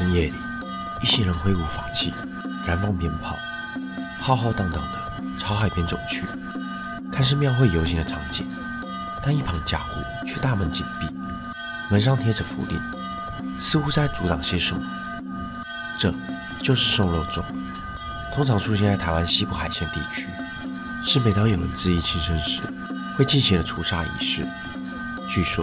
深夜裡，一行人揮舞法器，燃放鞭炮，浩浩蕩蕩地朝海邊走去，看似廟會遊行的場景，但一旁的家戶卻大門緊閉，門上貼着符令，似乎在阻擋些什麼。這，就是送肉粽，通常出現在台灣西部海線地區，是每當有人自縊輕生時，會進行的除煞儀式。據說，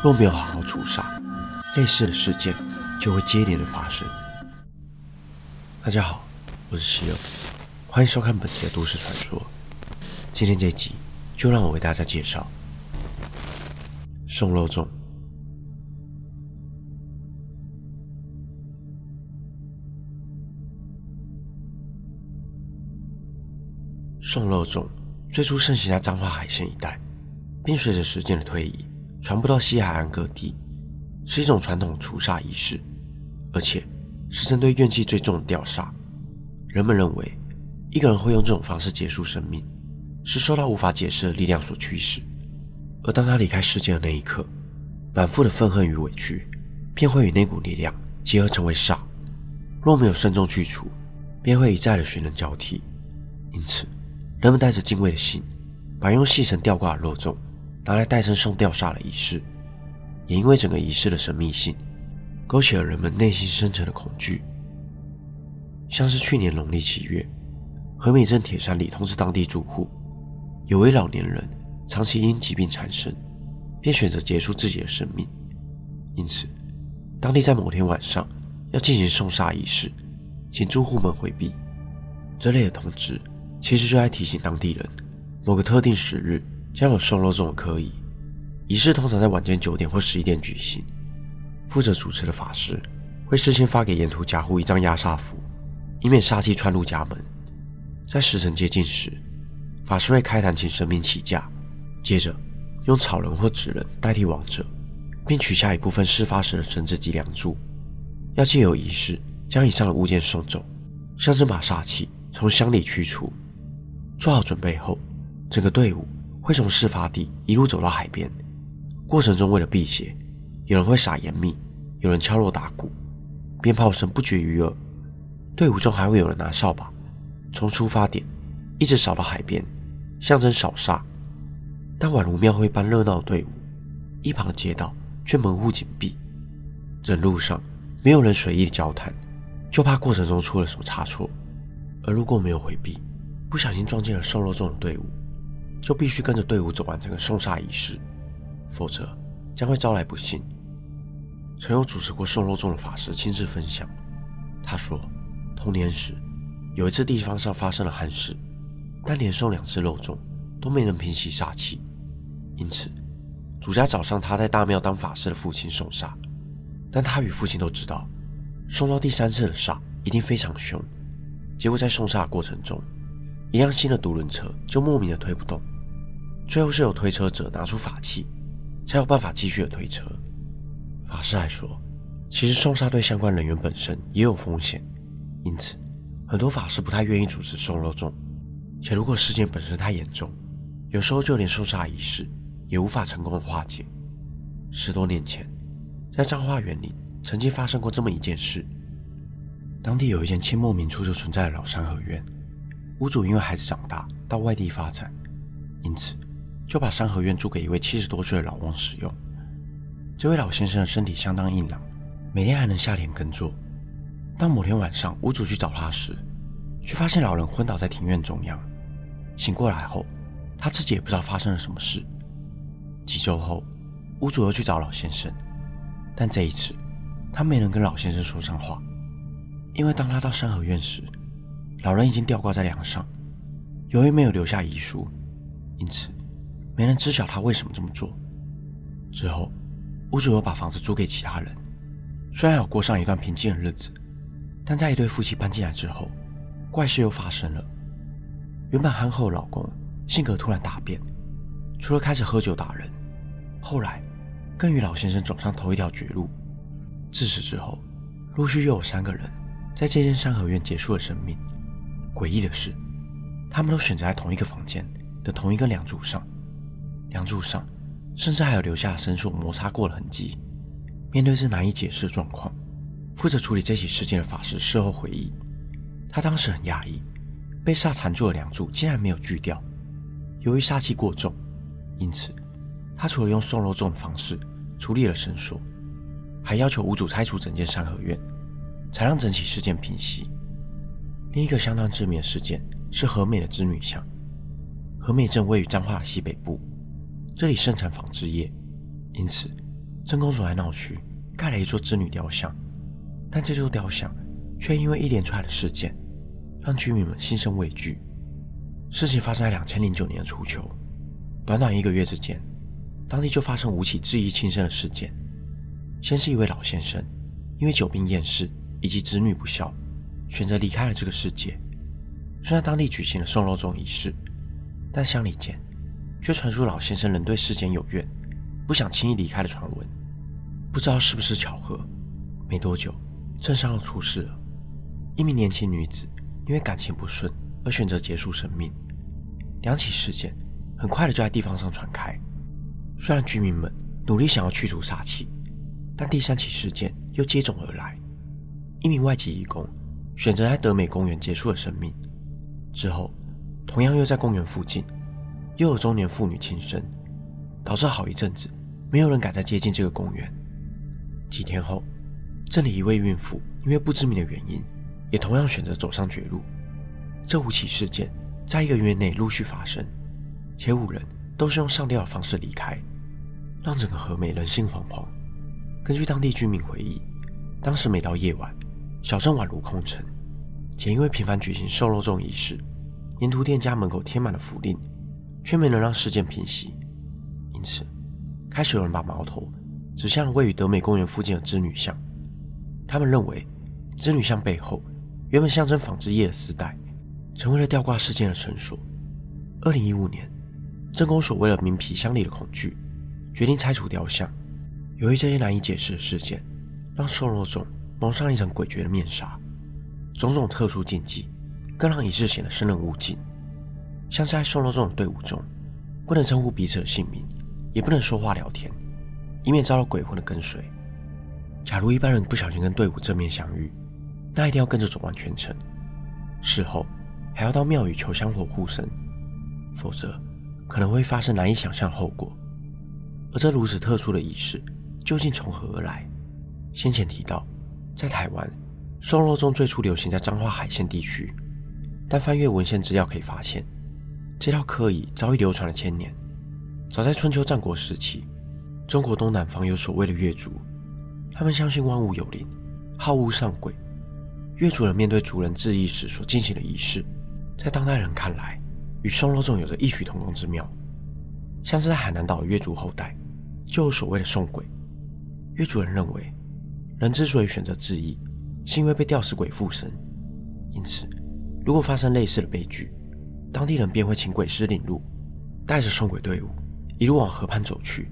若沒有好好除煞，類似的事件。就會接連的發生。大家好，我是希爾，歡迎收看本期的都市傳說。今天這集就讓我為大家介紹送肉粽。送肉粽最初盛行在彰化海線一帶，並隨着時間的推移，傳播到西海岸各地，是一種傳統除煞儀式。而且是針對怨氣最重的吊煞。人們認為，一個人會用這種方式結束生命，是受到無法解釋的力量所驅使。而當他離開世界的那一刻，滿腹的憤恨與委屈，便會與那股力量結合成為煞。若沒有慎重去除，便會一再的尋人交替。因此，人們帶着敬畏的心，把用細繩吊掛的肉粽拿來代身送吊煞的儀式，也因為整個儀式的神秘性。勾起了人們內心深沉的恐懼，像是去年農曆七月，和美鎮鐵山里通知當地住戶，有位老年人長期因疾病纏身，便選擇結束自己的生命。因此，當地在某天晚上要進行送煞儀式，請住戶們回避。這類的通知其實就在提醒當地人，某個特定時日將有送肉粽這種科儀，儀式通常在晚間九點或十一點舉行。負責主持的法師會事先發給沿途家戶一張壓煞符，以免煞氣竄入家門。在時辰接近時，法師會開壇請神明起駕，接着用草人或紙人代替亡者，並取下一部分事發時的繩子及梁柱，要借由儀式將以上的物件送走，象徵把煞氣從鄉里驅除。做好準備後，整個隊伍會從事發地一路走到海邊，過程中為了辟邪，有人會撒鹽米，有人敲鑼打鼓，鞭炮聲不絕於耳。隊伍中還會有人拿掃把，從出發點一直掃到海邊，象徵掃煞。但宛如廟會般熱鬧的隊伍，一旁的街道卻門戶緊閉。在路上，沒有人隨意交談，就怕過程中出了什麼差錯。而如果沒有回避，不小心撞進了送肉粽的隊伍，就必須跟着隊伍走完整個送煞儀式，否則將會招來不幸。曾有主持過送肉粽的法師親自分享，他說，童年時有一次地方上發生了憾事，但連送兩次肉粽都沒能平息煞氣，因此主家找上他在大廟當法師的父親送煞，但他與父親都知道，送到第三次的煞一定非常兇，結果在送煞過程中，一輛新的獨輪車就莫名的推不動，最後是有推車者拿出法器，才有辦法繼續的推車。法師還說，其實送煞對相關人員本身也有風險，因此很多法師不太願意主持送肉粽。且如果事件本身太嚴重，有時候就連送煞儀式也無法成功的化解。十多年前，在彰化員林曾經發生過這麼一件事：當地有一間清末民初就存在的老三合院，屋主因為孩子長大到外地發展，因此就把三合院租給一位七十多歲的老翁使用。這位老先生的身體相當硬朗，每天還能下田耕作。當某天晚上屋主去找他時，卻發現老人昏倒在庭院中央。醒過來後，他自己也不知道發生了什麼事。幾周後，屋主又去找老先生，但這一次，他沒能跟老先生說上話，因為當他到三合院時，老人已經吊掛在樑上。由於沒有留下遺書，因此沒人知曉他為什麼這麼做。之後。屋主又把房子租給其他人，雖然有過上一段平靜的日子，但在一對夫妻搬進來之後，怪事又發生了。原本憨厚的老公性格突然大變，除了開始喝酒打人，後來更與老先生走上同一條絕路。自此之後，陸續又有三個人在這間三合院結束了生命。詭異的是，他們都選擇在同一個房間的同一個梁柱上，梁柱上。甚至還有留下的繩索摩擦過的痕跡。面對這難以解釋的狀況，負責處理這起事件的法師事後回憶，他當時很訝異，被煞纏住的梁柱竟然沒有鋸掉。由於煞氣過重，因此他除了用送肉粽的方式處理了繩索，還要求屋主拆除整間三合院，才讓整起事件平息。另一個相當致命的事件是和美的織女像。和美鎮位於彰化的西北部。這裡盛產紡織業，因此鎮公所在鬧區蓋了一座織女雕像，但這座雕像卻因為一連串的事件，讓居民們心生畏懼。事情發生在兩千零九年的初秋，短短一個月之間，當地就發生五起自縊輕生的事件。先是一位老先生，因為久病厭世以及子女不孝，選擇離開了這個世界。雖然當地舉行了送肉粽儀式，但鄉里間，卻傳出老先生仍對世間有怨，不想輕易離開的傳聞。不知道是不是巧合，沒多久鎮上又出事了。一名年輕女子因為感情不順而選擇結束生命。兩起事件很快的就在地方上傳開。雖然居民們努力想要去除煞氣，但第三起事件又接踵而來。一名外籍義工選擇在德美公園結束了生命。之後，同樣又在公園附近。又有中年婦女輕生，導致好一陣子沒有人敢再接近這個公園。幾天後，這裡一位孕婦因為不知名的原因，也同樣選擇走上絕路。這五起事件在一個月內陸續發生，且五人都是用上吊的方式離開，讓整個和美人心惶惶。根據當地居民回憶，當時每到夜晚，小鎮宛如空城，且因為頻繁舉行送肉粽儀式，沿途店家門口貼滿了符令。卻沒能讓事件平息，因此，開始有人把矛頭指向了位於德美公園附近的織女像。他們認為，織女像背後原本象徵紡織業的絲帶，成為了吊掛事件的繩索。二零一五年，鎮公所為了明皮箱裡的恐懼，決定拆除雕像。由於這些難以解釋的事件，讓送肉粽蒙上了一層詭譎的面紗。種種特殊禁忌，更讓儀式顯得生人勿近。像是在送肉粽的隊伍中，不能稱呼彼此的姓名，也不能說話聊天，以免遭到鬼魂的跟隨。假如一般人不小心跟隊伍正面相遇，那一定要跟着走完全程，事後還要到廟宇求香火護身，否則可能會發生難以想象的後果。而這如此特殊的儀式究竟從何而來？先前提到，在台灣送肉粽最初流行在彰化海線地區，但翻閱文獻資料可以發現。這道科儀早已流傳了千年，早在春秋戰國時期，中國東南方有所謂的越族，他們相信萬物有靈，好惡尚鬼。越族人面對族人自縊時所進行的儀式，在當代人看來，與送肉粽有着異曲同工之妙。像是在海南島的越族後代，就有所謂的送鬼。越族人認為，人之所以選擇自縊，是因為被吊死鬼附身，因此如果發生類似的悲劇，當地人便會請鬼師領路，帶着送鬼隊伍一路往河畔走去。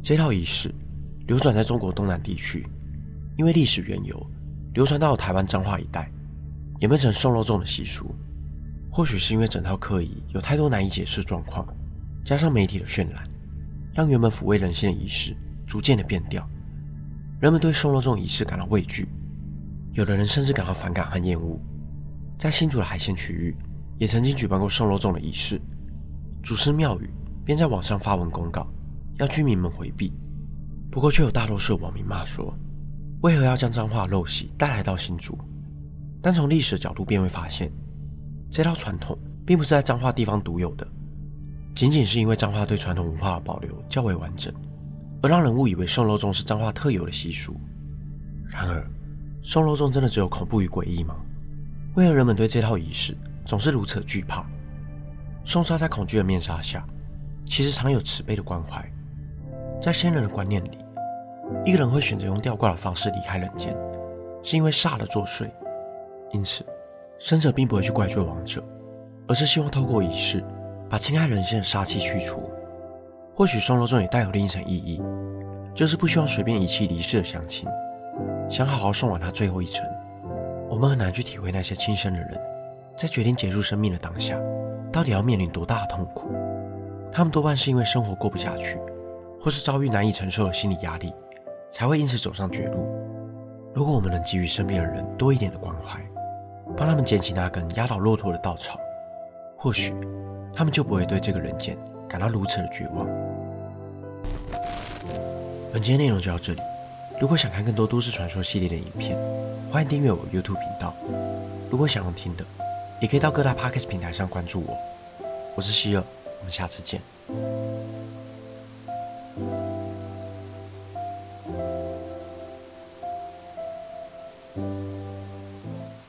這套儀式流傳在中國東南地區，因為歷史緣由，流傳到了台灣彰化一帶，演變成送肉粽的習俗。或許是因為整套科儀有太多難以解釋狀況，加上媒體的渲染，讓原本撫慰人心的儀式逐漸的變調。人們對送肉粽儀式感到畏懼，有的人甚至感到反感和厭惡。在新竹的海線區域，也曾經舉辦過送肉粽的儀式，主祀廟宇便在網上發文公告，要居民們回避。不過卻有大多數網民罵說，為何要將彰化陋習帶來到新竹？但從歷史的角度便會發現，這套傳統並不是在彰化地方獨有的，僅僅是因為彰化對傳統文化的保留較為完整，而讓人誤以為送肉粽是彰化特有的習俗。然而，送肉粽真的只有恐怖與詭異嗎？為何人們對這套儀式？總是如此懼怕。送煞在恐懼的面紗下，其實常有慈悲的關懷。在先人的觀念裡，一個人會選擇用吊掛的方式離開人間，是因為煞了作祟。因此，生者並不會去怪罪亡者，而是希望透過儀式，把侵害人間的煞氣去除。或許送肉粽也帶有另一層意義，就是不希望隨便遺棄離世的鄉親，想好好送完他最後一程。我們很難去體會那些輕生的人。在決定結束生命的當下，到底要面臨多大的痛苦？他們多半是因為生活過不下去，或是遭遇難以承受的心理壓力，才會因此走上絕路。如果我們能給予身邊的人多一點的關懷，幫他們撿起那根壓倒駱駝的稻草，或許他們就不會對這個人間感到如此的絕望。本期的內容就到這裡。如果想看更多都市傳說系列的影片，歡迎訂閱我的 YouTube 頻道。如果想要聽的。也可以到各大 podcast 平台上關注我，我是希爾，我們下次見。